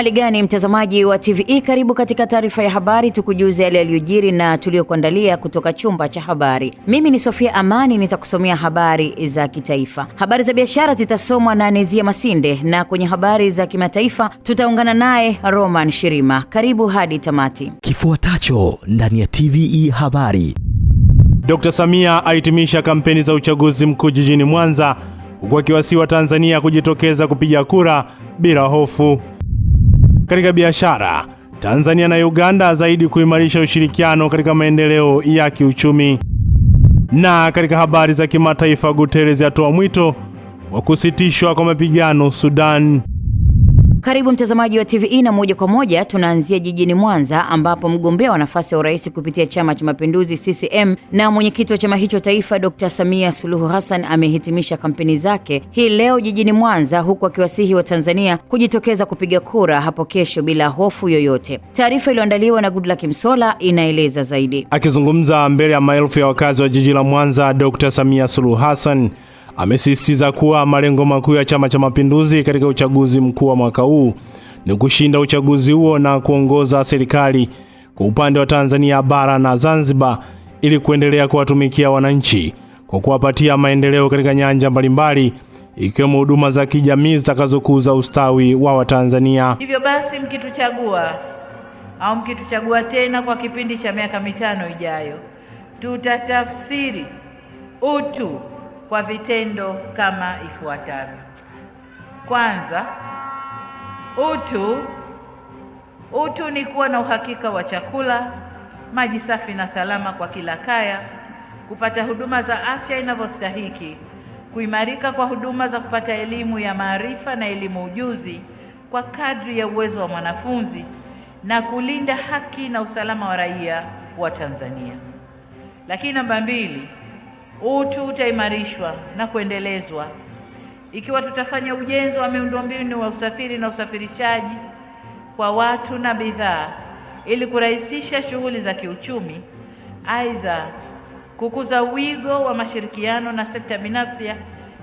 Hali gani mtazamaji wa TVE, karibu katika taarifa ya habari, tukujuze yale yaliyojiri na tuliyokuandalia kutoka chumba cha habari. Mimi ni Sofia Amani, nitakusomea habari za kitaifa. Habari za biashara zitasomwa na Nezia Masinde, na kwenye habari za kimataifa tutaungana naye Roman Shirima. Karibu hadi tamati. Kifuatacho ndani ya TVE habari. Dr. Samia ahitimisha kampeni za uchaguzi mkuu jijini Mwanza, huku akiwasihi Watanzania kujitokeza kupiga kura bila hofu katika biashara Tanzania na Uganda zaidi kuimarisha ushirikiano katika maendeleo ya kiuchumi. Na katika habari za kimataifa, Guterres atoa mwito wa kusitishwa kwa mapigano Sudan. Karibu mtazamaji wa TVE na moja kwa moja tunaanzia jijini Mwanza ambapo mgombea wa nafasi ya urais kupitia Chama cha Mapinduzi CCM na mwenyekiti wa chama hicho taifa Dr. Samia Suluhu Hassan amehitimisha kampeni zake hii leo jijini Mwanza huku akiwasihi wa tanzania kujitokeza kupiga kura hapo kesho bila hofu yoyote. Taarifa iliyoandaliwa na Goodluck Msola inaeleza zaidi. Akizungumza mbele ya maelfu ya wakazi wa jiji la Mwanza, Dr. Samia Suluhu Hassan amesisitiza kuwa malengo makuu ya Chama cha Mapinduzi katika uchaguzi mkuu wa mwaka huu ni kushinda uchaguzi huo na kuongoza serikali kwa upande wa Tanzania bara na Zanzibar ili kuendelea kuwatumikia wananchi kwa kuwapatia maendeleo katika nyanja mbalimbali ikiwemo huduma za kijamii zitakazokuza ustawi wa Watanzania. Hivyo basi, mkituchagua au mkituchagua tena kwa kipindi cha miaka mitano ijayo, tutatafsiri utu kwa vitendo kama ifuatavyo. Kwanza, utu. Utu ni kuwa na uhakika wa chakula, maji safi na salama kwa kila kaya, kupata huduma za afya inavyostahiki, kuimarika kwa huduma za kupata elimu ya maarifa na elimu ujuzi kwa kadri ya uwezo wa mwanafunzi na kulinda haki na usalama wa raia wa Tanzania. Lakini namba mbili Utu utaimarishwa na kuendelezwa ikiwa tutafanya ujenzi wa miundombinu wa usafiri na usafirishaji kwa watu na bidhaa ili kurahisisha shughuli za kiuchumi. Aidha, kukuza wigo wa mashirikiano na sekta binafsi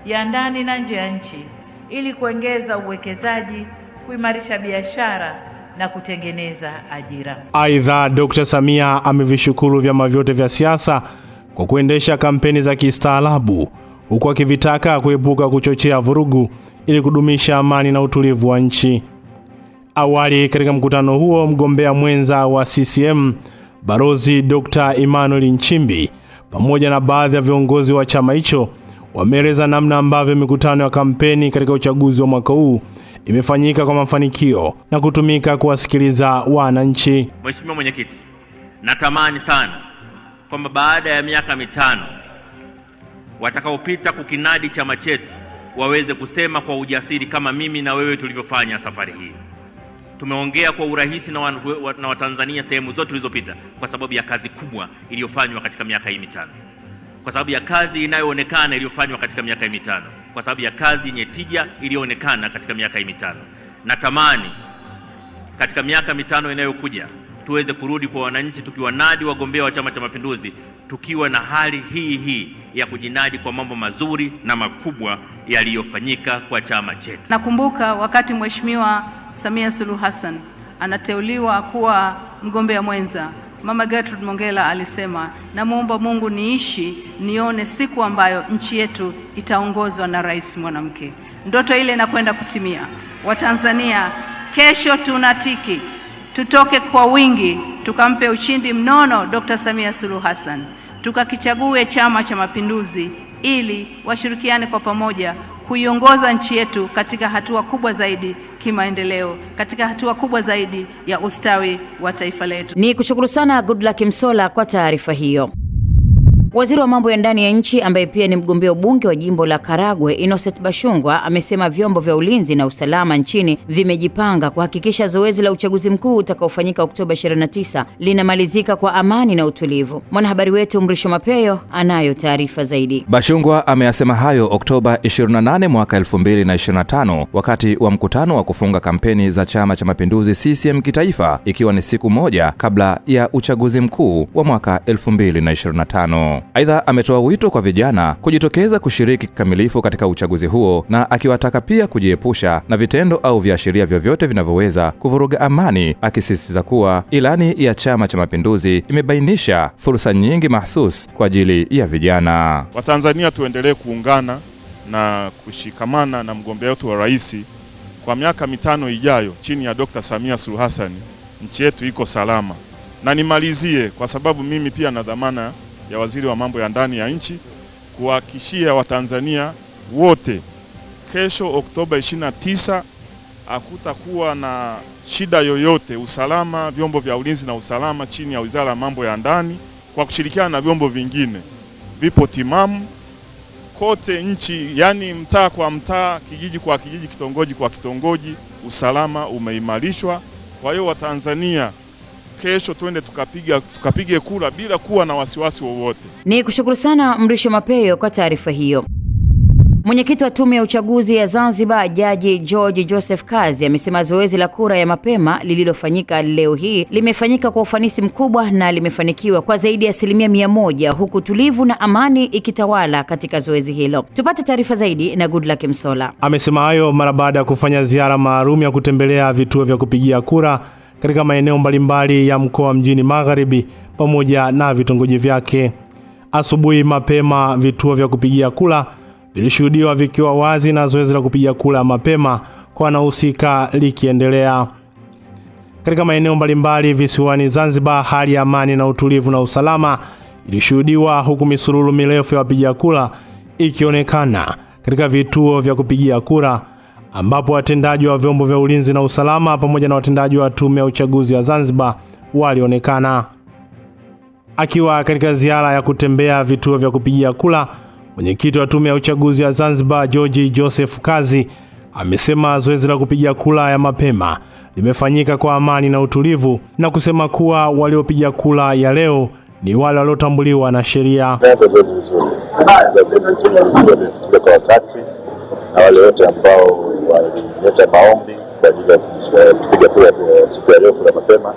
ya ndani na nje ya nchi ili kuongeza uwekezaji, kuimarisha biashara na kutengeneza ajira. Aidha, Dkt. Samia amevishukuru vyama vyote vya siasa kwa kuendesha kampeni za kistaarabu huku akivitaka kuepuka kuchochea vurugu ili kudumisha amani na utulivu wa nchi. Awali katika mkutano huo, mgombea mwenza wa CCM Balozi Dr. Emmanuel Nchimbi pamoja na baadhi ya viongozi wa chama hicho wameeleza namna ambavyo mikutano ya kampeni katika uchaguzi wa mwaka huu imefanyika kwa mafanikio na kutumika kuwasikiliza wananchi. Mheshimiwa Mwenyekiti, natamani sana kwamba baada ya miaka mitano watakaopita kukinadi chama chetu waweze kusema kwa ujasiri kama mimi na wewe tulivyofanya safari hii. Tumeongea kwa urahisi na Watanzania sehemu zote tulizopita, kwa sababu ya kazi kubwa iliyofanywa katika miaka hii mitano, kwa sababu ya kazi inayoonekana iliyofanywa katika miaka hii mitano, kwa sababu ya kazi yenye tija iliyoonekana katika miaka hii mitano. Natamani katika miaka mitano inayokuja tuweze kurudi kwa wananchi tukiwanadi wagombea wa Chama cha Mapinduzi tukiwa na hali hii hii ya kujinadi kwa mambo mazuri na makubwa yaliyofanyika kwa chama chetu. Nakumbuka wakati Mheshimiwa Samia Suluhu Hassan anateuliwa kuwa mgombea mwenza, Mama Gertrude mongela alisema, namwomba Mungu niishi nione siku ambayo nchi yetu itaongozwa na rais mwanamke. Ndoto ile inakwenda kutimia. Watanzania, kesho tunatiki tutoke kwa wingi tukampe ushindi mnono Dr. Samia Suluhu Hassan, tukakichague Chama cha Mapinduzi ili washirikiane kwa pamoja kuiongoza nchi yetu katika hatua kubwa zaidi kimaendeleo, katika hatua kubwa zaidi ya ustawi wa taifa letu. Ni kushukuru sana Goodluck msola kwa taarifa hiyo. Waziri wa mambo ya ndani ya nchi ambaye pia ni mgombea ubunge wa jimbo la Karagwe, Innocent Bashungwa amesema vyombo vya ulinzi na usalama nchini vimejipanga kuhakikisha zoezi la uchaguzi mkuu utakaofanyika Oktoba 29 linamalizika kwa amani na utulivu. Mwanahabari wetu Mrisho Mapeyo anayo taarifa zaidi. Bashungwa ameyasema hayo Oktoba 28 mwaka 2025 wakati wa mkutano wa kufunga kampeni za Chama cha Mapinduzi CCM kitaifa, ikiwa ni siku moja kabla ya uchaguzi mkuu wa mwaka 2025. Aidha, ametoa wito kwa vijana kujitokeza kushiriki kikamilifu katika uchaguzi huo na akiwataka pia kujiepusha na vitendo au viashiria vyovyote vinavyoweza kuvuruga amani, akisisitiza kuwa ilani ya Chama cha Mapinduzi imebainisha fursa nyingi mahsus kwa ajili ya vijana. Watanzania tuendelee kuungana na kushikamana na mgombea wetu wa rais kwa miaka mitano ijayo chini ya Dr. Samia Suluhu Hassan, nchi yetu iko salama. Na nimalizie kwa sababu mimi pia na dhamana ya waziri wa mambo ya ndani ya nchi kuhakikishia Watanzania wote kesho Oktoba 29 hakutakuwa na shida yoyote. Usalama, vyombo vya ulinzi na usalama chini ya Wizara ya Mambo ya Ndani kwa kushirikiana na vyombo vingine vipo timamu kote nchi, yani mtaa kwa mtaa, kijiji kwa kijiji, kitongoji kwa kitongoji, usalama umeimarishwa. Kwa hiyo Watanzania kesho twende tukapiga tukapige kura bila kuwa na wasiwasi wowote. Ni kushukuru sana Mrisho Mapeyo kwa taarifa hiyo. Mwenyekiti wa Tume ya Uchaguzi ya Zanzibar, Jaji George Joseph Kazi amesema zoezi la kura ya mapema lililofanyika leo hii limefanyika kwa ufanisi mkubwa na limefanikiwa kwa zaidi ya asilimia mia moja huku tulivu na amani ikitawala katika zoezi hilo. Tupate taarifa zaidi na Goodluck Msola. Amesema hayo mara baada ya kufanya ziara maalum ya kutembelea vituo vya kupigia kura katika maeneo mbalimbali ya mkoa mjini Magharibi pamoja na vitongoji vyake. Asubuhi mapema, vituo vya kupigia kula vilishuhudiwa vikiwa wazi na zoezi la kupiga kula mapema kwa wanahusika likiendelea. Katika maeneo mbalimbali visiwani Zanzibar, hali ya amani na utulivu na usalama ilishuhudiwa huku misururu mirefu ya wapiga kula ikionekana katika vituo vya kupigia kura ambapo watendaji wa vyombo vya ulinzi na usalama pamoja na watendaji wa tume ya uchaguzi wa Zanzibar walionekana. Akiwa katika ziara ya kutembea vituo vya kupigia kula, mwenyekiti wa tume ya uchaguzi wa Zanzibar George Joseph Kazi amesema zoezi la kupiga kula ya mapema limefanyika kwa amani na utulivu, na kusema kuwa waliopiga kula ya leo ni wale waliotambuliwa na sheria. Zoezi vizuri kwa wakati na wale wote ambao walileta maombi kwa ajili ya kupiga kura siku ya leo, kura mapema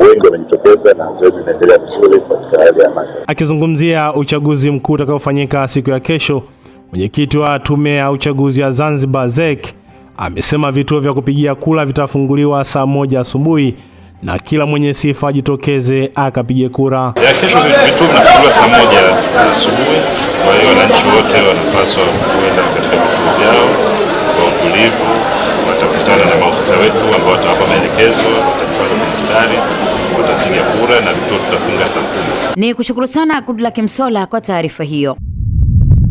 wengi wamejitokeza na zoezi linaendelea vizuri katika hali ya amani. Akizungumzia uchaguzi mkuu utakaofanyika siku ya kesho, mwenyekiti wa tume ya uchaguzi ya Zanzibar ZEC amesema vituo vya kupigia kura vitafunguliwa saa moja asubuhi na kila mwenye sifa ajitokeze akapige kura ya kesho. Vituo vinafunguliwa saa moja asubuhi, kwa hiyo wananchi wote wanapaswa kuenda katika vituo vyao utulivu, watakutana na maafisa wetu ambao watawapa maelekezo, watajipanga kwa mstari, watapiga kura na vituo tutafunga saa kumi. Ni kushukuru sana Goodluck Msolla kwa taarifa hiyo.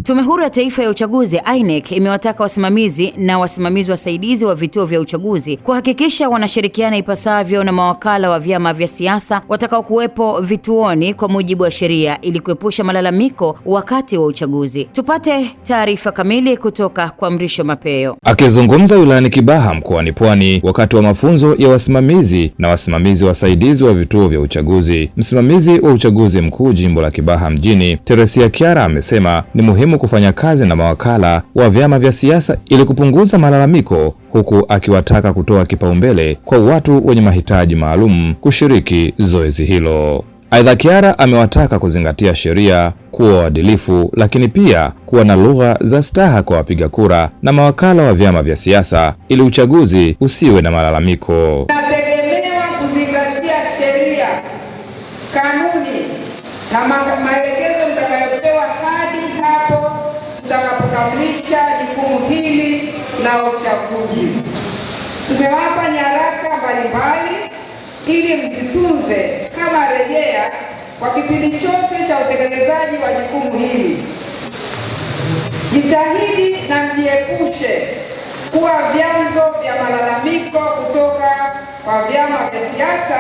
Tume Huru ya Taifa ya Uchaguzi INEC imewataka wasimamizi na wasimamizi wasaidizi wa vituo vya uchaguzi kuhakikisha wanashirikiana ipasavyo na mawakala wa vyama vya siasa watakaokuwepo vituoni kwa mujibu wa sheria ili kuepusha malalamiko wakati wa uchaguzi. Tupate taarifa kamili kutoka kwa Mrisho Mapeo. Akizungumza wilayani Kibaha mkoani Pwani wakati wa mafunzo ya wasimamizi na wasimamizi wasaidizi wa vituo vya uchaguzi, msimamizi wa uchaguzi mkuu jimbo la Kibaha mjini Teresia Kiara amesema ni muhimu kufanya kazi na mawakala wa vyama vya siasa ili kupunguza malalamiko, huku akiwataka kutoa kipaumbele kwa watu wenye mahitaji maalum kushiriki zoezi hilo. Aidha, kiara amewataka kuzingatia sheria, kuwa waadilifu, lakini pia kuwa na lugha za staha kwa wapiga kura na mawakala wa vyama vya siasa ili uchaguzi usiwe na malalamiko. na uchaguzi. Tumewapa nyaraka mbalimbali ili mzitunze kama rejea kwa kipindi chote cha utekelezaji wa jukumu hili. Jitahidi na mjiepushe kuwa vyanzo vya malalamiko kutoka kwa vyama vya siasa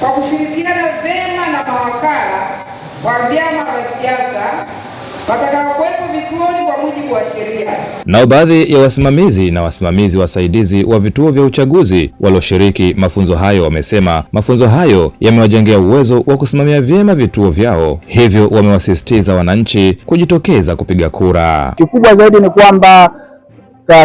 kwa kushirikiana vyema na mawakala wa vyama vya siasa watakaokuwepo vituoni kwa mujibu wa sheria. Nao baadhi ya wasimamizi na wasimamizi wasaidizi wa vituo vya uchaguzi walioshiriki mafunzo hayo wamesema mafunzo hayo yamewajengea uwezo wa kusimamia vyema vituo vyao, hivyo wamewasisitiza wananchi kujitokeza kupiga kura. Kikubwa zaidi ni kwamba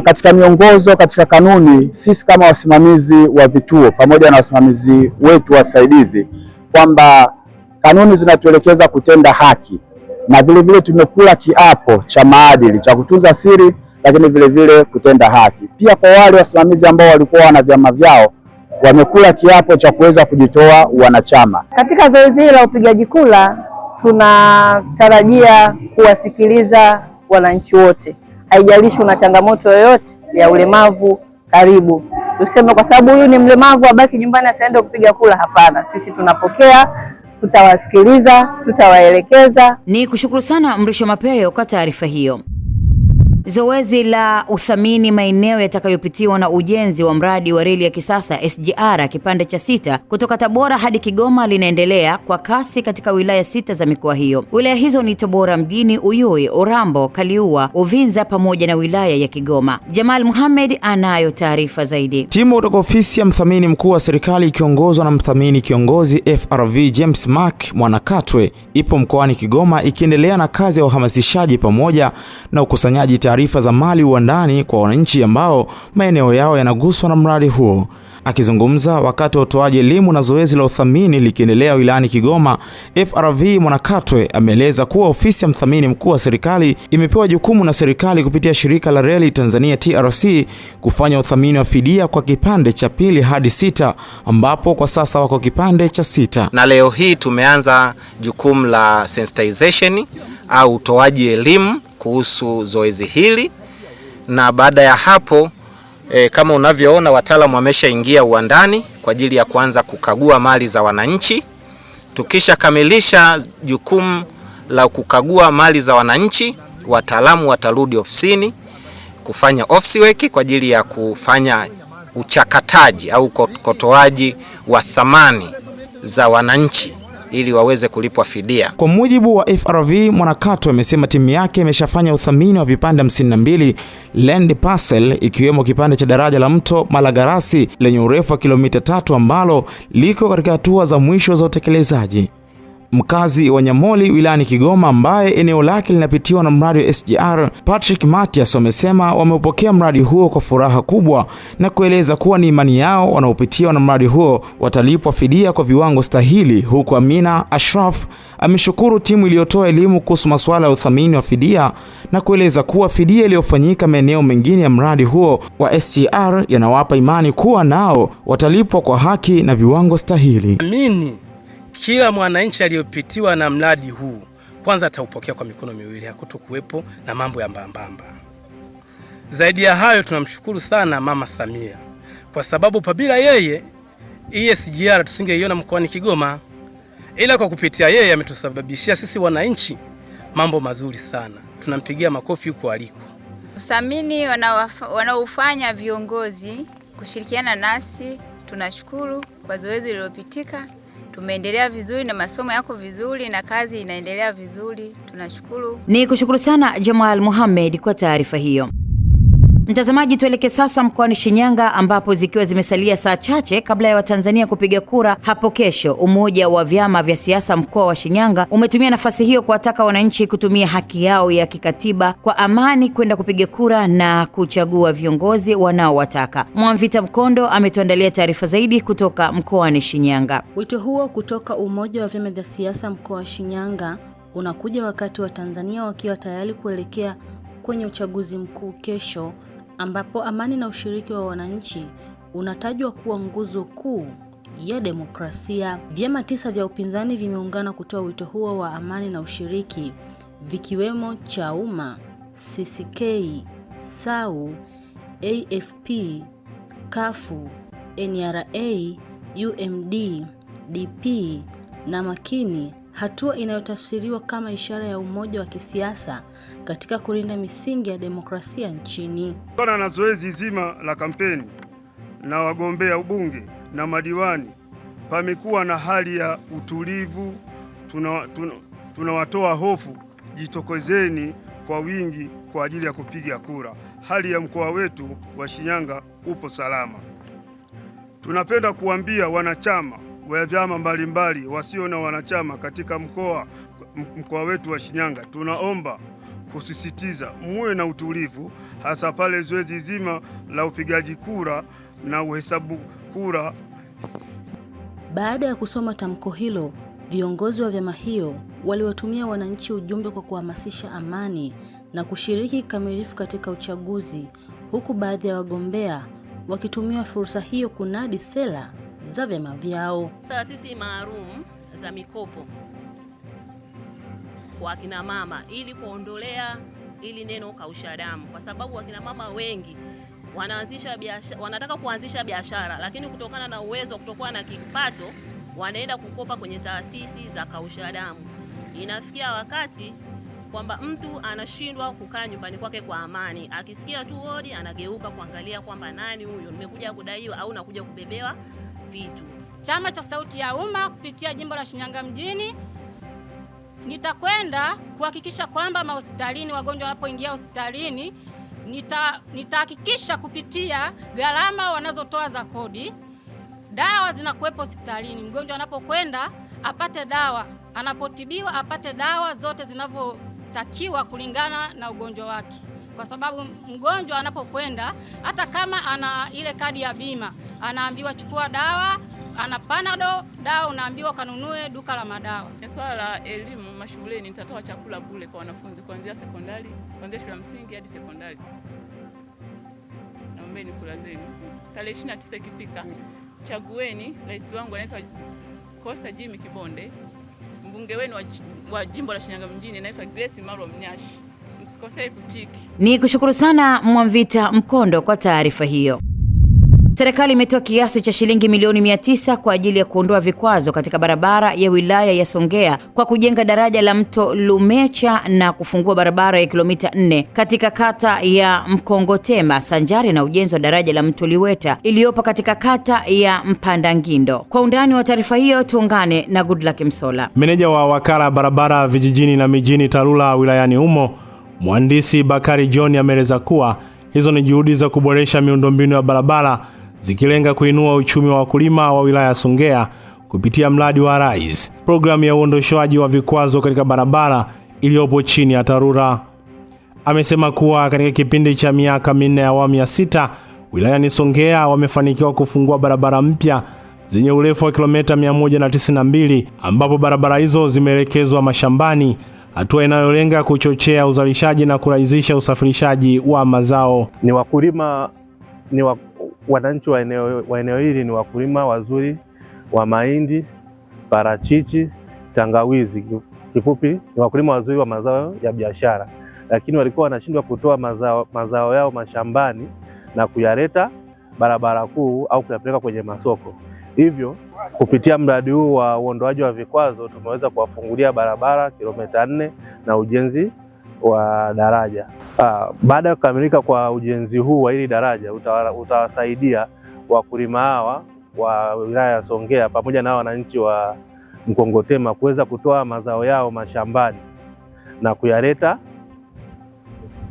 katika miongozo, katika kanuni, sisi kama wasimamizi wa vituo pamoja na wasimamizi wetu wasaidizi, kwamba kanuni zinatuelekeza kutenda haki na vilevile tumekula kiapo cha maadili cha kutunza siri, lakini vilevile kutenda haki. Pia kwa wale wasimamizi ambao walikuwa wana vyama vyao wamekula kiapo cha kuweza kujitoa wanachama. Katika zoezi hili la upigaji kura, tunatarajia kuwasikiliza wananchi wote, haijalishi una changamoto yoyote ya ulemavu. Karibu tuseme, kwa sababu huyu ni mlemavu abaki nyumbani asiende kupiga kura? Hapana, sisi tunapokea tutawasikiliza, tutawaelekeza. Ni kushukuru sana Mrisho Mapeyo kwa taarifa hiyo. Zoezi la uthamini maeneo yatakayopitiwa na ujenzi wa mradi wa reli ya kisasa SGR kipande cha sita kutoka Tabora hadi Kigoma linaendelea kwa kasi katika wilaya sita za mikoa hiyo. Wilaya hizo ni Tabora mjini, Uyui, Urambo, Kaliua, Uvinza pamoja na wilaya ya Kigoma. Jamal Muhamed anayo taarifa zaidi. Timu kutoka ofisi ya mthamini mkuu wa serikali ikiongozwa na mthamini kiongozi FRV James Mark Mwanakatwe ipo mkoani Kigoma ikiendelea na kazi ya uhamasishaji pamoja na ukusanyaji taarifa taarifa za mali wa ndani kwa wananchi ambao maeneo yao yanaguswa na mradi huo. Akizungumza wakati wa utoaji elimu na zoezi la uthamini likiendelea wilayani Kigoma, FRV Mwanakatwe ameeleza kuwa ofisi ya mthamini mkuu wa serikali imepewa jukumu na serikali kupitia shirika la reli Tanzania TRC kufanya uthamini wa fidia kwa kipande cha pili hadi sita, ambapo kwa sasa wako kipande cha sita, na leo hii tumeanza jukumu la sensitization au utoaji elimu kuhusu zoezi hili, na baada ya hapo E, kama unavyoona wataalamu wameshaingia uwandani kwa ajili ya kuanza kukagua mali za wananchi. Tukishakamilisha jukumu la kukagua mali za wananchi, wataalamu watarudi ofisini kufanya office work kwa ajili ya kufanya uchakataji au kotoaji wa thamani za wananchi ili waweze kulipwa fidia. Kwa mujibu wa FRV, Mwanakato amesema timu yake imeshafanya uthamini wa vipande 52 land parcel, ikiwemo kipande cha daraja la mto Malagarasi lenye urefu wa kilomita tatu ambalo liko katika hatua za mwisho za utekelezaji mkazi wa Nyamoli wilayani Kigoma ambaye eneo lake linapitiwa na mradi wa SGR, Patrick Matias, wamesema wameupokea mradi huo kwa furaha kubwa na kueleza kuwa ni imani yao wanaopitiwa na mradi huo watalipwa fidia kwa viwango stahili, huku Amina Ashraf ameshukuru timu iliyotoa elimu kuhusu masuala ya uthamini wa fidia na kueleza kuwa fidia iliyofanyika maeneo mengine ya mradi huo wa SGR yanawapa imani kuwa nao watalipwa kwa haki na viwango stahili. Amini. Kila mwananchi aliyopitiwa na mradi huu kwanza ataupokea kwa mikono miwili, hakutokuwepo na mambo ya mbambamba. Zaidi ya hayo, tunamshukuru sana Mama Samia kwa sababu pabila yeye iye sijiara tusingeiona mkoani Kigoma, ila kwa kupitia yeye ametusababishia sisi wananchi mambo mazuri sana. Tunampigia makofi huko aliko. usamini wanaofanya viongozi kushirikiana nasi tunashukuru kwa zoezi lililopitika tumeendelea vizuri na masomo yako vizuri na kazi inaendelea vizuri, tunashukuru. Ni kushukuru sana Jamal Mohamed kwa taarifa hiyo. Mtazamaji, tuelekee sasa mkoani Shinyanga ambapo zikiwa zimesalia saa chache kabla ya Watanzania kupiga kura hapo kesho, umoja wa vyama vya siasa mkoa wa Shinyanga umetumia nafasi hiyo kuwataka wananchi kutumia haki yao ya kikatiba kwa amani kwenda kupiga kura na kuchagua viongozi wanaowataka. Mwamvita Mkondo ametuandalia taarifa zaidi kutoka mkoani Shinyanga. Wito huo kutoka umoja wa vyama vya siasa mkoa wa Shinyanga unakuja wakati wa Tanzania wakiwa tayari kuelekea kwenye uchaguzi mkuu kesho ambapo amani na ushiriki wa wananchi unatajwa kuwa nguzo kuu ya demokrasia. Vyama tisa vya upinzani vimeungana kutoa wito huo wa amani na ushiriki vikiwemo Chauma, CCK, SAU, AFP, Kafu, NRA, UMD, DP na Makini, hatua inayotafsiriwa kama ishara ya umoja wa kisiasa katika kulinda misingi ya demokrasia nchini. Kutokana na zoezi zima la kampeni na wagombea ubunge na madiwani, pamekuwa na hali ya utulivu. Tunawatoa tuna, tuna hofu, jitokozeni kwa wingi kwa ajili ya kupiga kura. Hali ya mkoa wetu wa Shinyanga upo salama. Tunapenda kuambia wanachama wa vyama mbalimbali wasio na wanachama katika mkoa mkoa wetu wa Shinyanga, tunaomba kusisitiza muwe na utulivu, hasa pale zoezi zima la upigaji kura na uhesabu kura. Baada ya kusoma tamko hilo, viongozi wa vyama hiyo waliwatumia wananchi ujumbe kwa kuhamasisha amani na kushiriki kikamilifu katika uchaguzi, huku baadhi ya wagombea wakitumia fursa hiyo kunadi sera za vyama vyao, taasisi maalum za mikopo kwa akina mama ili kuondolea ili neno kausha damu, kwa sababu wakina mama wengi wanaanzisha biashara, wanataka kuanzisha biashara lakini kutokana na uwezo wa kutokuwa na kipato wanaenda kukopa kwenye taasisi za kausha damu. Inafikia wakati kwamba mtu anashindwa kukaa nyumbani kwake kwa amani, akisikia tu hodi anageuka kuangalia kwamba nani huyo, nimekuja kudaiwa au nakuja kubebewa vitu. Chama cha Sauti ya Umma kupitia jimbo la Shinyanga mjini Nitakwenda kuhakikisha kwamba mahospitalini, wagonjwa wanapoingia hospitalini, nitahakikisha nita kupitia gharama wanazotoa za kodi, dawa zinakuwepo hospitalini, mgonjwa anapokwenda apate dawa, anapotibiwa apate dawa zote zinavyotakiwa kulingana na ugonjwa wake, kwa sababu mgonjwa anapokwenda hata kama ana ile kadi ya bima anaambiwa chukua dawa ana panado dawa, unaambiwa kanunue duka la madawa. Swala la elimu mashuleni, nitatoa chakula bure kwa wanafunzi kuanzia sekondari, kuanzia shule ya msingi hadi sekondari. Naombeni kula zenu tarehe 29 ikifika, chagueni rais wangu anaitwa Costa Jimmy Kibonde, mbunge wenu wa jimbo la Shinyanga mjini anaitwa Grace Maro Mnyashi. Msikosei kutiki. Ni kushukuru sana Mwamvita Mkondo kwa taarifa hiyo. Serikali imetoa kiasi cha shilingi milioni mia tisa kwa ajili ya kuondoa vikwazo katika barabara ya wilaya ya Songea kwa kujenga daraja la mto Lumecha na kufungua barabara ya kilomita 4 katika kata ya Mkongotema sanjari na ujenzi wa daraja la mto Liweta iliyopo katika kata ya Mpandangindo. Kwa undani wa taarifa hiyo tuungane na Goodluck Msola. Meneja wa wakala barabara vijijini na mijini TARURA wilayani humo mhandisi Bakari John ameeleza kuwa hizo ni juhudi za kuboresha miundombinu ya barabara zikilenga kuinua uchumi wa wakulima wa wilaya Songea kupitia mradi wa RISE, programu ya uondoshaji wa vikwazo katika barabara iliyopo chini ya TARURA. Amesema kuwa katika kipindi cha miaka minne ya awamu ya sita wilayani Songea wamefanikiwa kufungua barabara mpya zenye urefu wa kilomita 192 ambapo barabara hizo zimeelekezwa mashambani, hatua inayolenga kuchochea uzalishaji na kurahisisha usafirishaji wa mazao. Ni wakulima ni, wa, wananchi wa eneo wa eneo hili ni wakulima wazuri wa mahindi, parachichi, tangawizi. Kifupi ni wakulima wazuri wa mazao ya biashara, lakini walikuwa wanashindwa kutoa mazao, mazao yao mashambani na kuyaleta barabara kuu au kuyapeleka kwenye masoko. Hivyo kupitia mradi huu wa uondoaji wa vikwazo tumeweza kuwafungulia barabara kilomita nne na ujenzi wa daraja. Ah, baada ya kukamilika kwa ujenzi huu wa hili daraja utawasaidia wakulima hawa wa wilaya ya Songea pamoja na wananchi wa Mkongotema kuweza kutoa mazao yao mashambani na kuyaleta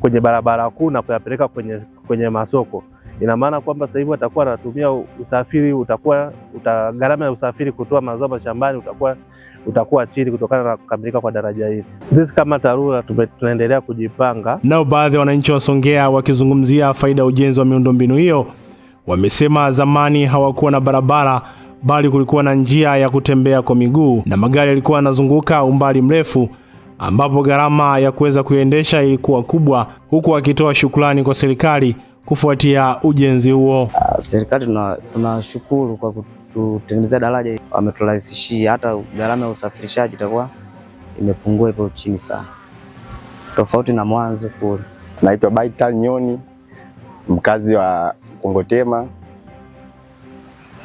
kwenye barabara kuu na kuyapeleka kwenye, kwenye masoko. Ina maana kwamba sasa hivi watakuwa wanatumia usafiri, utakuwa uta, gharama ya usafiri kutoa mazao mashambani utakuwa utakuwa chini kutokana na kukamilika kwa daraja hili. Sisi kama TARURA tunaendelea kujipanga. Nao baadhi ya wananchi wa Songea wakizungumzia faida ya ujenzi wa miundombinu hiyo, wamesema zamani hawakuwa na barabara bali kulikuwa na njia ya kutembea kwa miguu na magari yalikuwa yanazunguka umbali mrefu ambapo gharama ya kuweza kuendesha ilikuwa kubwa, huku akitoa shukrani kwa serikali kufuatia ujenzi huo. Uh, serikali tunashukuru tuna kwa kututengenezea daraja, wameturahisishia hata gharama ya usafirishaji itakuwa imepungua, ipo chini sana, tofauti na mwanzo kule. Naitwa Baita Nyoni, mkazi wa Kongotema.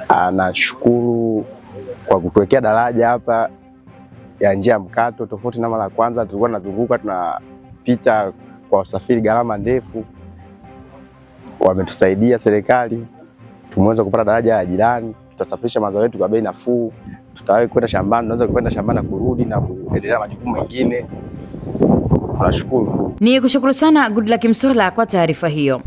Anashukuru ah, kwa kutuwekea daraja hapa ya njia mkato, tofauti na mara ya kwanza tulikuwa tunazunguka tunapita kwa usafiri gharama ndefu wametusaidia serikali, tumeweza kupata daraja la jirani, tutasafirisha mazao yetu kwa bei nafuu, tutawahi kwenda shambani, tunaweza kwenda shambani na kurudi na kuendelea majukumu mengine. Tunashukuru. Ni kushukuru sana Goodluck Msolla kwa taarifa hiyo.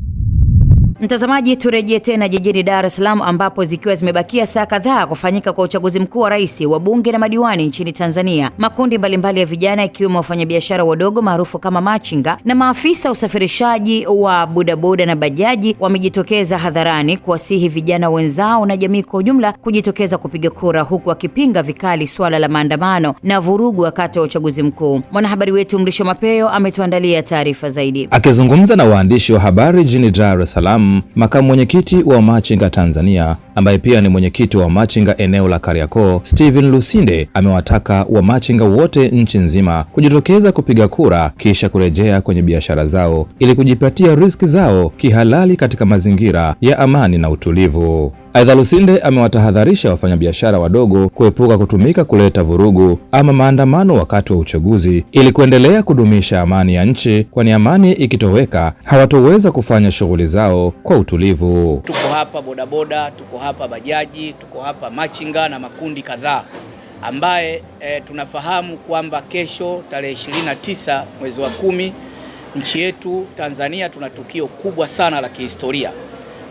Mtazamaji, turejee tena jijini Dar es Salaam ambapo zikiwa zimebakia saa kadhaa kufanyika kwa uchaguzi mkuu wa rais, wa bunge na madiwani nchini Tanzania, makundi mbalimbali ya vijana ikiwemo wafanyabiashara wadogo maarufu kama machinga na maafisa usafirishaji wa bodaboda na bajaji wamejitokeza hadharani kuwasihi vijana wenzao na jamii kwa ujumla kujitokeza kupiga kura, huku wakipinga vikali swala la maandamano na vurugu wakati wa uchaguzi mkuu. Mwanahabari wetu Mrisho Mapeo ametuandalia taarifa zaidi. Akizungumza na waandishi wa habari jijini Dar es Salaam makamu mwenyekiti wa machinga Tanzania ambaye pia ni mwenyekiti wa machinga eneo la Kariakoo, Steven Lusinde amewataka wamachinga wote nchi nzima kujitokeza kupiga kura kisha kurejea kwenye biashara zao ili kujipatia riziki zao kihalali katika mazingira ya amani na utulivu. Aidha, Lusinde amewatahadharisha wafanyabiashara wadogo kuepuka kutumika kuleta vurugu ama maandamano wakati wa uchaguzi ili kuendelea kudumisha amani ya nchi, kwani amani ikitoweka hawatoweza kufanya shughuli zao kwa utulivu. Tuko hapa bodaboda, tuko hapa bajaji, tuko hapa machinga na makundi kadhaa ambaye e, tunafahamu kwamba kesho tarehe 29 mwezi wa kumi nchi yetu Tanzania tuna tukio kubwa sana la kihistoria.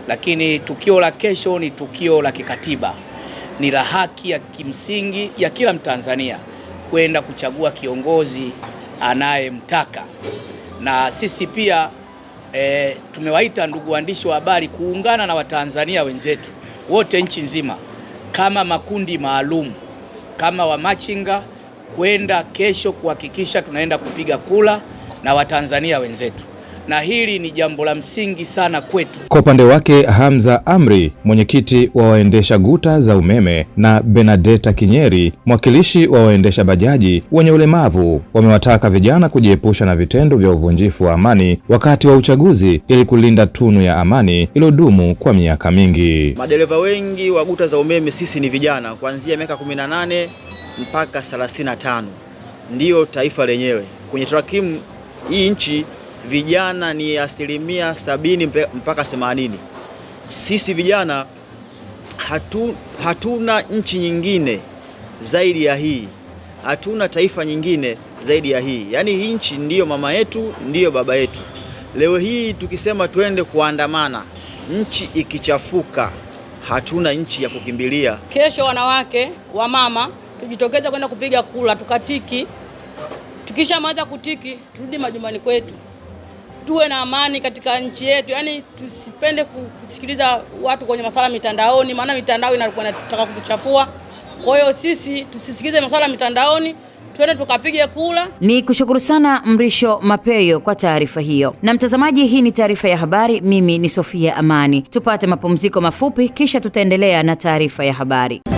Lakini tukio la kesho ni tukio la kikatiba, ni la haki ya kimsingi ya kila Mtanzania kwenda kuchagua kiongozi anayemtaka. Na sisi pia e, tumewaita ndugu waandishi wa habari kuungana na Watanzania wenzetu wote nchi nzima kama makundi maalum kama wamachinga kwenda kesho kuhakikisha tunaenda kupiga kula na Watanzania wenzetu na hili ni jambo la msingi sana kwetu. Kwa upande wake, Hamza Amri, mwenyekiti wa waendesha guta za umeme, na Benadeta Kinyeri, mwakilishi wa waendesha bajaji wenye ulemavu, wamewataka vijana kujiepusha na vitendo vya uvunjifu wa amani wakati wa uchaguzi ili kulinda tunu ya amani iliyodumu kwa miaka mingi. Madereva wengi wa guta za umeme sisi ni vijana kuanzia miaka 18 mpaka 35, ndiyo taifa lenyewe. Kwenye tarakimu hii nchi vijana ni asilimia sabini mpaka themanini. Sisi vijana hatu, hatuna nchi nyingine zaidi ya hii, hatuna taifa nyingine zaidi ya hii. Yaani hii nchi ndiyo mama yetu, ndiyo baba yetu. Leo hii tukisema twende kuandamana, nchi ikichafuka, hatuna nchi ya kukimbilia. Kesho wanawake wa mama tujitokeze kwenda kupiga kula tukatiki. Tukishamaliza kutiki, turudi majumbani kwetu tuwe na amani katika nchi yetu, yaani tusipende kusikiliza watu kwenye masuala mitandaoni, maana mitandao inakuwa inataka kutuchafua. Kwa hiyo sisi tusisikilize masuala mitandaoni, tuende tukapige kula. Ni kushukuru sana Mrisho Mapeyo kwa taarifa hiyo. Na mtazamaji, hii ni taarifa ya habari. Mimi ni Sofia Amani. Tupate mapumziko mafupi, kisha tutaendelea na taarifa ya habari.